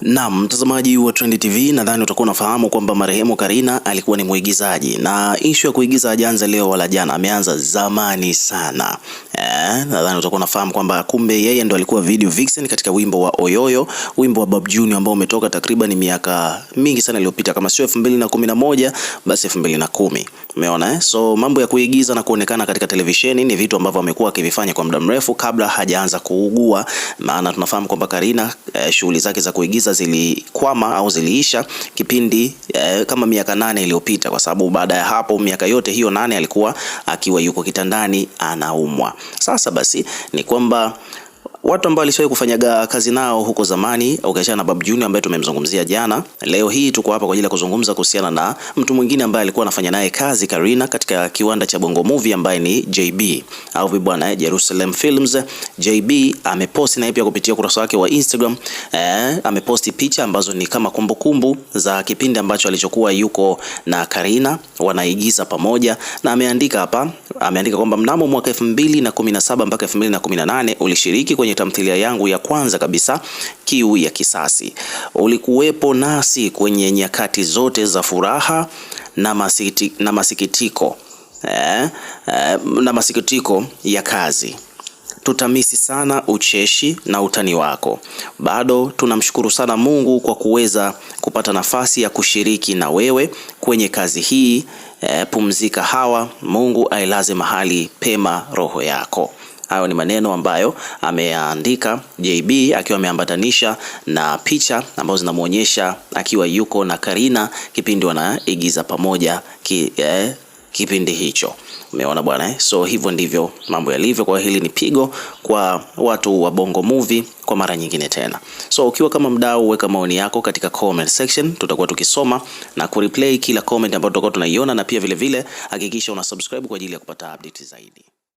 Naam, mtazamaji wa Trend TV, nadhani utakuwa unafahamu kwamba marehemu Karina alikuwa ni mwigizaji na ishu ya kuigiza hajaanza leo wala jana, ameanza zamani sana. Eh, nadhani utakuwa unafahamu kwamba kumbe yeye ndo alikuwa video vixen katika wimbo wa Oyoyo, wimbo wa Bob Junior ambao umetoka takriban miaka mingi sana iliyopita, kama sio 2011 basi 2010. Umeona eh? So mambo ya kuigiza na kuonekana katika televisheni ni vitu ambavyo amekuwa akivifanya kwa muda mrefu kabla hajaanza kuugua, maana tunafahamu kwamba Karina eh, shughuli zake za kuigiza zilikwama au ziliisha kipindi eh, kama miaka nane iliyopita, kwa sababu baada ya hapo miaka yote hiyo nane alikuwa akiwa yuko kitandani anaumwa. Sasa basi ni kwamba watu ambao alishawahi kufanyaga kazi nao huko zamani, ukiachana na Babu Junior ambaye tumemzungumzia jana. Leo hii tuko hapa kwa ajili ya kuzungumza kuhusiana na mtu mwingine ambaye alikuwa anafanya naye kazi Karina katika kiwanda cha Bongo Movie ambaye ni JB au bwana eh, Jerusalem Films. JB ameposti naye pia kupitia ukurasa wake wa Instagram eh, ameposti picha ambazo ni kama kumbukumbu kumbu za kipindi ambacho alichokuwa yuko na Karina wanaigiza pamoja, na ameandika hapa, ameandika kwamba mnamo mwaka 2017 mpaka 2018 ulishiriki kwenye tamthilia yangu ya kwanza kabisa Kiu ya Kisasi. Ulikuwepo nasi kwenye nyakati zote za furaha na masiti, na masikitiko eh, eh, na masikitiko ya kazi. Tutamisi sana ucheshi na utani wako. Bado tunamshukuru sana Mungu kwa kuweza kupata nafasi ya kushiriki na wewe kwenye kazi hii. E, pumzika hawa, Mungu ailaze mahali pema roho yako. Hayo ni maneno ambayo ameandika JB akiwa ameambatanisha na picha ambazo zinamuonyesha akiwa yuko na Karina kipindi wanaigiza pamoja ki, eh, kipindi hicho. Umeona bwana eh? So hivyo ndivyo mambo yalivyo. Kwa hili ni pigo kwa watu wa Bongo Movie kwa mara nyingine tena. So ukiwa kama mdau, weka maoni yako katika comment section, tutakuwa tukisoma na kureplay kila comment ambayo tutakuwa tunaiona, na pia vile vile hakikisha una subscribe kwa ajili ya kupata update zaidi.